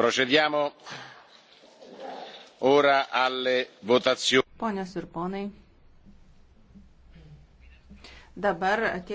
procediamo ora alle votazioni. ponios ir ponai dabar atėjo